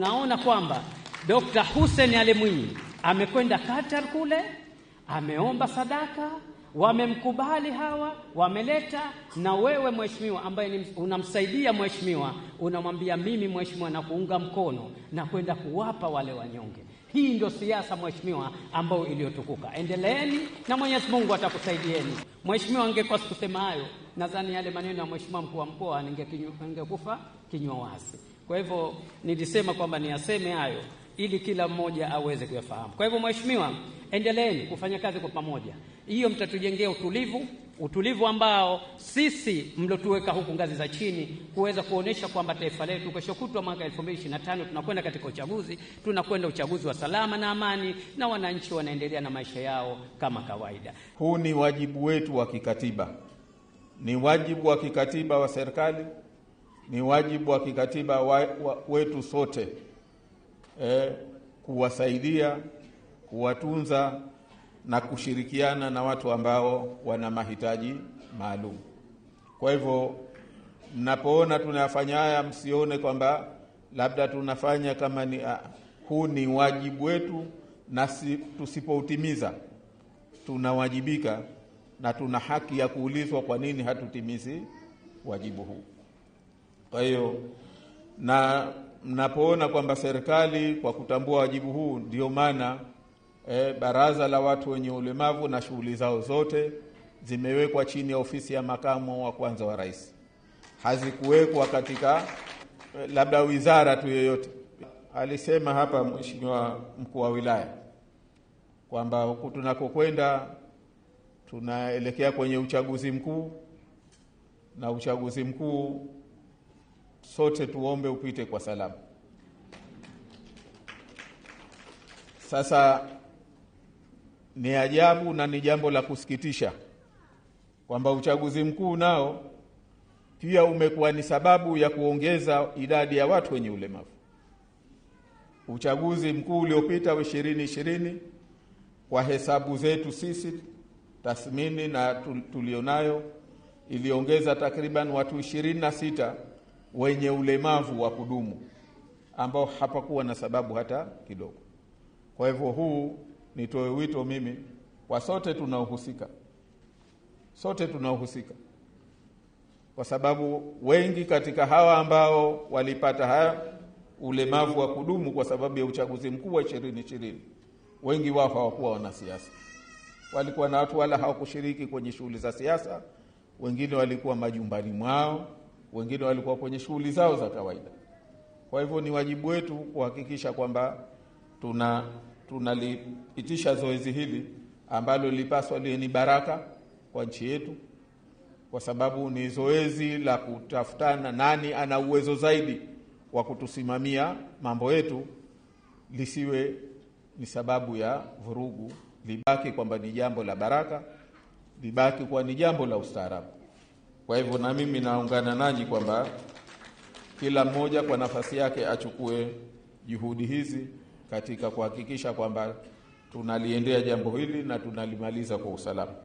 Naona kwamba Dr. Hussein Ali Mwinyi amekwenda Qatar kule, ameomba sadaka, wamemkubali hawa, wameleta na wewe mheshimiwa, ambaye unamsaidia mheshimiwa, unamwambia mimi mheshimiwa, na kuunga mkono na kwenda kuwapa wale wanyonge. Hii ndio siasa mheshimiwa, ambayo iliyotukuka. Endeleeni na Mwenyezi Mungu atakusaidieni. Mheshimiwa, angekosa kusema hayo, nadhani yale maneno ya mheshimiwa mkuu wa mkoa ningekufa kinywa wazi. Kwa hivyo nilisema kwamba niyaseme hayo ili kila mmoja aweze kuyafahamu. Kwa hivyo mheshimiwa endeleeni kufanya kazi kwa pamoja. Hiyo mtatujengea utulivu, utulivu ambao sisi mliotuweka huku ngazi za chini kuweza kuonesha kwamba taifa letu kesho kutwa mwaka 2025 tunakwenda katika uchaguzi, tunakwenda uchaguzi wa salama na amani, na wananchi wanaendelea na maisha yao kama kawaida. Huu ni wajibu wetu wa kikatiba, ni wajibu wa kikatiba wa serikali, ni wajibu wa kikatiba wa, wa, wetu sote eh, kuwasaidia kuwatunza na kushirikiana na watu ambao wana mahitaji maalum. Kwa hivyo mnapoona tunayafanya haya, msione kwamba labda tunafanya kama ni a, ah, huu ni wajibu wetu na si, tusipoutimiza tunawajibika na tuna haki ya kuulizwa kwa nini hatutimizi wajibu huu. Kwa hiyo na mnapoona kwamba serikali kwa kutambua wajibu huu, ndio maana e, baraza la watu wenye ulemavu na shughuli zao zote zimewekwa chini ya ofisi ya makamu wa kwanza wa rais, hazikuwekwa katika eh, labda wizara tu yoyote. Alisema hapa mheshimiwa mkuu wa wilaya kwamba huku tunakokwenda tunaelekea kwenye uchaguzi mkuu, na uchaguzi mkuu sote tuombe upite kwa salama. Sasa ni ajabu na ni jambo la kusikitisha kwamba uchaguzi mkuu nao pia umekuwa ni sababu ya kuongeza idadi ya watu wenye ulemavu. Uchaguzi mkuu uliopita wa ishirini ishirini, kwa hesabu zetu sisi, tathmini na tulionayo, iliongeza takriban watu ishirini na sita wenye ulemavu wa kudumu ambao hapakuwa na sababu hata kidogo. Kwa hivyo huu nitoe wito mimi kwa sote tunaohusika, sote tunaohusika, kwa sababu wengi katika hawa ambao walipata haya ulemavu wa kudumu kwa sababu ya uchaguzi mkuu wa ishirini ishirini, wengi wao hawakuwa wanasiasa, walikuwa na watu wala hawakushiriki kwenye shughuli za siasa. Wengine walikuwa majumbani mwao, wengine walikuwa kwenye shughuli zao za kawaida. Kwa hivyo ni wajibu wetu kuhakikisha kwamba tuna tunalipitisha zoezi hili ambalo lipaswa liwe ni baraka kwa nchi yetu, kwa sababu ni zoezi la kutafutana nani ana uwezo zaidi wa kutusimamia mambo yetu, lisiwe ni sababu ya vurugu, libaki kwamba ni jambo la baraka, libaki kuwa ni jambo la ustaarabu. Kwa hivyo, na mimi naungana nanyi kwamba kila mmoja kwa nafasi yake achukue juhudi hizi katika kuhakikisha kwamba tunaliendea jambo hili na tunalimaliza kwa usalama.